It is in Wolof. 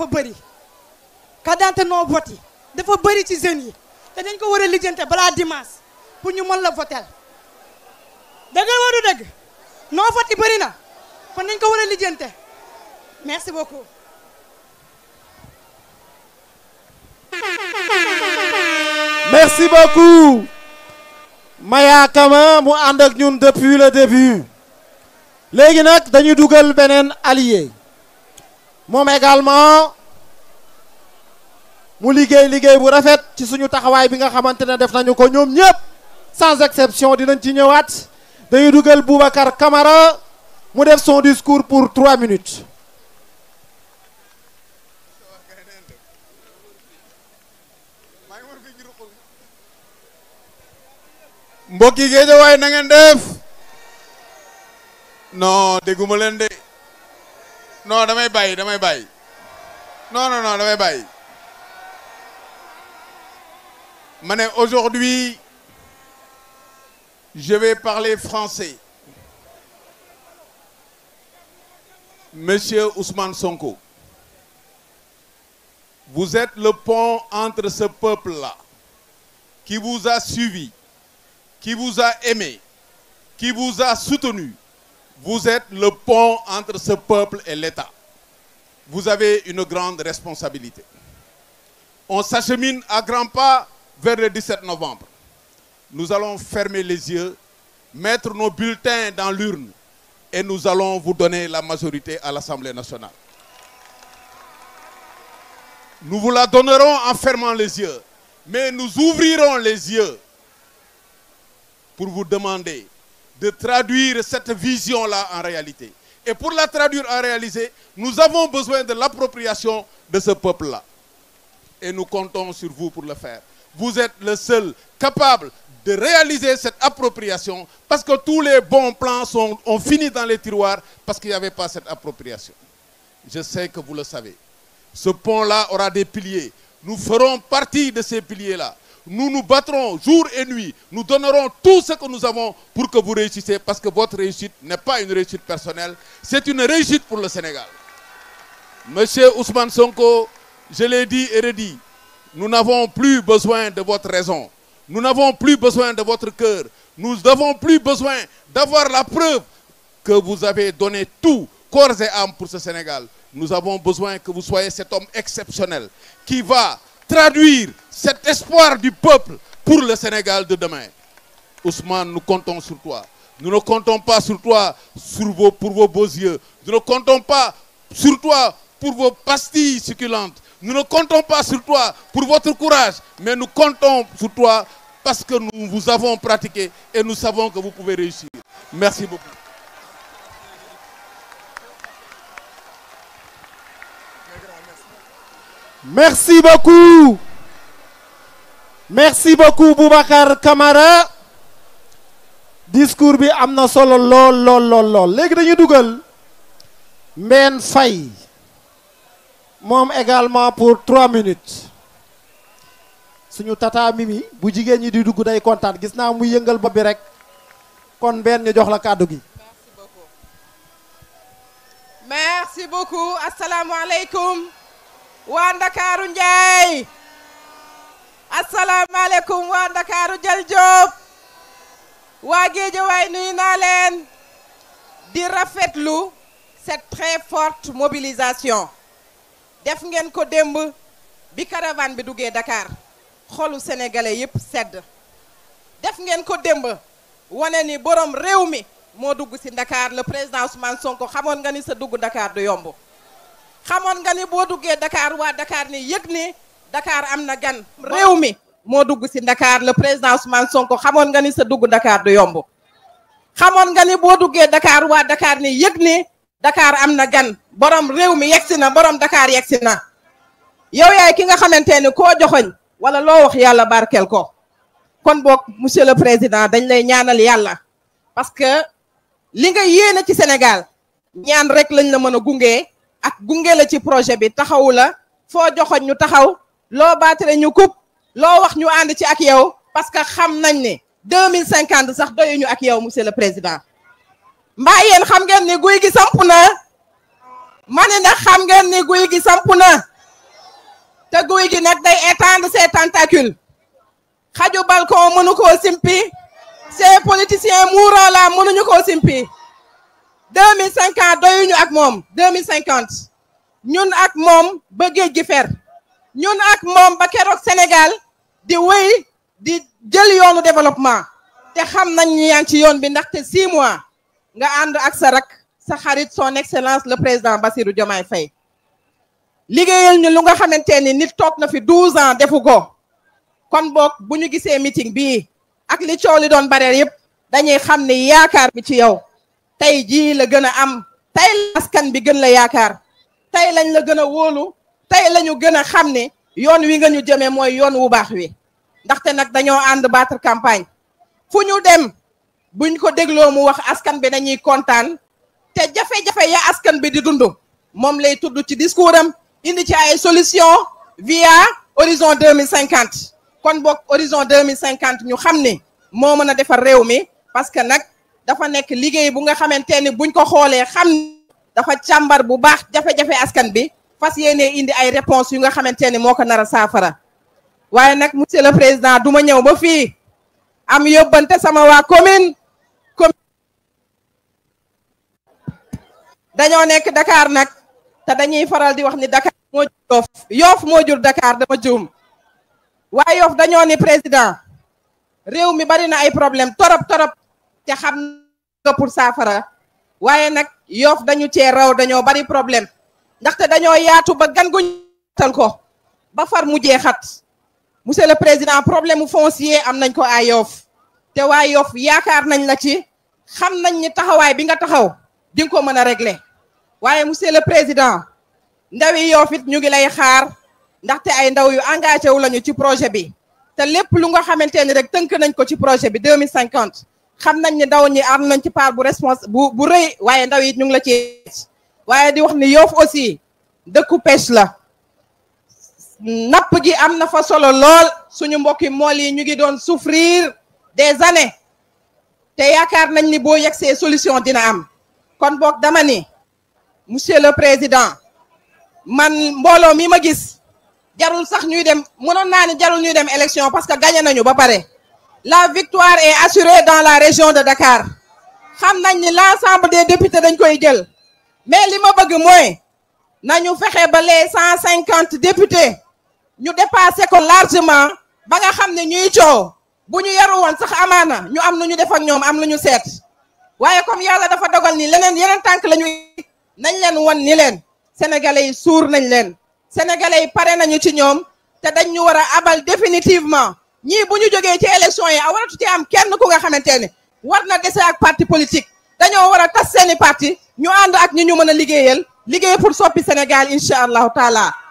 dafa bëri carte d'identité non yi dafa bëri ci jeunes yi te dañ ko war a lijjante balaa dimanche pour ñu mën la votel dëgg la dëgg non vote yi bëri na kon dañ ko war a lijjante merci beaucoup merci beaucoup Maya Kama mu ànd ak ñun depuis le début léegi nag dañu dugal beneen allier moom également mu liggéey liggéey bu rafet ci suñu taxawaay bi nga xamante ne def nañu ko ñoom ñëpp sans exception dinañ ci ñëwaat dañuy dugal Boubacar kamara mu def son discours pour trois minutes mbokki Géejawaay na ngeen def non dégguma leen de non damay bàyyi damay bàyyi non non non damay bàyyi ma ne aujourd'hui je vais parler français monsieur Ousmane Sonko vous êtes le pont entre ce peuple-là qui vous a suivi qui vous a aimé qui vous a soutenu Vous êtes le pont entre ce peuple et l'État. Vous avez une grande responsabilité. On s'achemine à grands pas vers le 17 novembre. Nous allons fermer les yeux, mettre nos bulletins dans l'urne et nous la majorité à l'Assemblée nationale. la donnerons en fermant les mais nous ouvrirons les yeux pour vous demander de traduire cette vision-là en réalité. Et pour la traduire en réalité, nous avons besoin de l'appropriation de ce peuple-là. Et nous comptons sur vous pour le faire. Vous êtes le seul capable de réaliser cette appropriation parce que tous les bons plans sont, ont fini dans les tiroirs parce qu'il n'y avait pas cette appropriation. Je sais que vous le savez. Ce pont-là aura des piliers. Nous ferons partie de ces piliers-là. nous nous battrons jour et nuit. Nous donnerons tout ce que nous avons pour que vous réussissiez, parce que votre réussite n'est pas une réussite personnelle, c'est une réussite pour le Sénégal. Monsieur Ousmane Sonko, je l'ai dit et redit, nous n'avons plus besoin de votre raison. Nous n'avons plus besoin de votre cœur. Nous n'avons plus besoin d'avoir la preuve que vous avez donné tout, corps et âme, pour ce Sénégal. Nous avons besoin que vous soyez cet homme traduire cet espoir du peuple pour le Sénégal de demain. Ousmane, nous comptons sur toi. Nous ne comptons pas sur toi pour vos beaux yeux. Nous ne comptons pas sur toi pour vos pastilles succulentes. Nous ne comptons pas sur toi pour votre courage, mais nous comptons sur toi parce que nous vous avons pratiqué et nous savons que vous pouvez réussir. Merci beaucoup. Merci beaucoup. Merci beaucoup Boubacar Camara discours bi am na solo lool lool lool léegi dañuy dugal Mbène Faye moom également pour trois minutes suñu tata bu jigéen ñi di dugg day kontaan gis naa muy yëngal bopp bi rek kon Mbène ñu jox la kàddu gi. waa Ndakaaru Njaay asalaamaaleykum waa Ndakaaru Jal Jóob waa Géejawaay nuyu naa leen di rafetlu cette très forte mobilisation def ngeen ko démb bi caravane bi duggee ndakaar xolu sénégalais yëpp sedd def ngeen ko demb wane ni borom réew mi moo dugg ci ndakaar la président Ousmane Sonko xamoon nga ni sa dugg ndakaar du yomb xamoon nga ni boo duggee Dakar waa Dakar ni yëg ni dakaar am na gan réew mi moo dugg si ndakaar la président Ousmane Sonko xamoon nga ni sa dugg Dakar du yomb xamoon nga ni boo duggee Dakar waa Dakar ni yëg ni dakaar am na gan borom réew mi yegsi na borom Dakar yegsi na yow yaay ki nga xamante ni koo joxoñ wala loo wax yàlla barkel ko kon boog monsieur le président dañ lay ñaanal yàlla parce que li nga yéene ci Sénégal ñaan rek lañ la mën a gungee ak gunge la ci projet bi taxawu la foo joxoñ ñu taxaw loo baatale ñu kub loo wax ñu ànd ci ak yow parce que xam nañ ne deux mille cinquante sax doyuñu ak yow monsieur président mbaa yéen xam ngeen ni guy gi samp na ma ne nag xam ngeen ni guy gi samp na te guy gi nag day étendre ses tentacules xaju balcon mënu ko simpi ces politiciens mourants là mënuñu ko simpi deux mille cinquante doyuñu ak moom deux mille cinquante ñun ak moom ba géej gi fer ñun ak moom ba keroog Sénégal di wéy di jël yoonu développement te xam nañ ñu yaa ci yoon bi ndaxte six mois nga ànd ak sa rak sa xarit son excellence le président Bassirou Diomaye Faye liggéeyal ñu lu nga xamante ni nit toog na fi douze ans defu ko kon boog bu ñu gisee meeting bi ak li coow li doon bare yëpp dañuy xam ni yaakaar bi ci yow tey jii la gën a am tey askan bi gën la yaakaar tey lañ la gën a wóolu tey la ñu gën a xam ne yoon wi nga ñu jëmee mooy yoon wu baax wi ndaxte nag dañoo ànd battre campagne fu ñu dem buñ ko dégloo mu wax askan bi dañuy kontaan te jafe-jafe ya askan bi di dund moom lay tudd ci discours am indi ci ay solution via horizon deux mille cinquante kon boog horizon deux mille cinquante ñu xam ne moo mën a defar réew mi parce nag dafa nekk liggéey bu nga xamante ni buñ ko xoolee xam dafa càmbar bu baax jafe-jafe askan bi fas yéenee indi ay réponses yu nga xamante ni moo ko nar a saafara waaye nag monsieur le président du ma ñëw ba fii am yóbbante sama waa commune dañoo nekk Dakar nag te dañuy faral di wax ni Dakar moo jur yoof moo jur Dakar dama juum waaye yoof dañoo ni président réew mi bari na ay problème torop torop te xam pour saafara waaye nag yoof dañu cee raw dañoo bari problème ndaxte dañoo yaatu ba gan gu tal ko ba far mujjee xat monsieur le président problème foncier am nañ ko à yoof te waa yoof yaakaar nañ la ci xam nañ ni taxawaay bi nga taxaw di ko mën a régler waaye monsieur le président ndawi yoof it ñu ngi lay xaar ndaxte ay ndaw yu engagé wu lañu ci projet bi te lépp lu nga xamante ni rek tënk nañ ko ci projet bi deux mille cinquante xam nañ ne daw ñi am nañ ci par bu respons bu bu rëy waaye ndaw yi ñu ngi la ci waaye di wax ni Yoff aussi dëkku pêche la napp gi am na fa solo lool suñu mbokki mool yi ñu ngi doon souffrir des années te yaakaar nañ ni boo yegsee solution dina am kon boog dama ni monsieur le président man mbooloo mii ma gis jarul sax ñuy dem mënoon naa ni jarul ñuy dem élection parce que gagné nañu ba pare la victoire est assurée dans la région de Dakar xam nañ ni l'ensemble des députés dañ koy jël mais li ma bëgg mooy na ñu fexe ba les cent cinquante députés ñu dépassé ko largement ba nga xam ne ñuy coow bu ñu yaru woon sax amaana ñu am lu ñu def ak ñoom am lu ñu seet waaye comme yàlla dafa dogal ni leneen yeneen tànk lañu ñu nañ leen won ni leen sénégalais yi suur nañ leen sénégalais yi pare nañu ci ñoom te dañ ñu war a abal définitivement ñii bu ñu jógee ci élection yi a waratu ci am kenn ku nga xamante ne war na dese ak parti politique dañoo war a tas seeni parti ñu ànd ak ñi ñu mën a liggéeyal liggéey pour soppi Sénégal incha allahu taala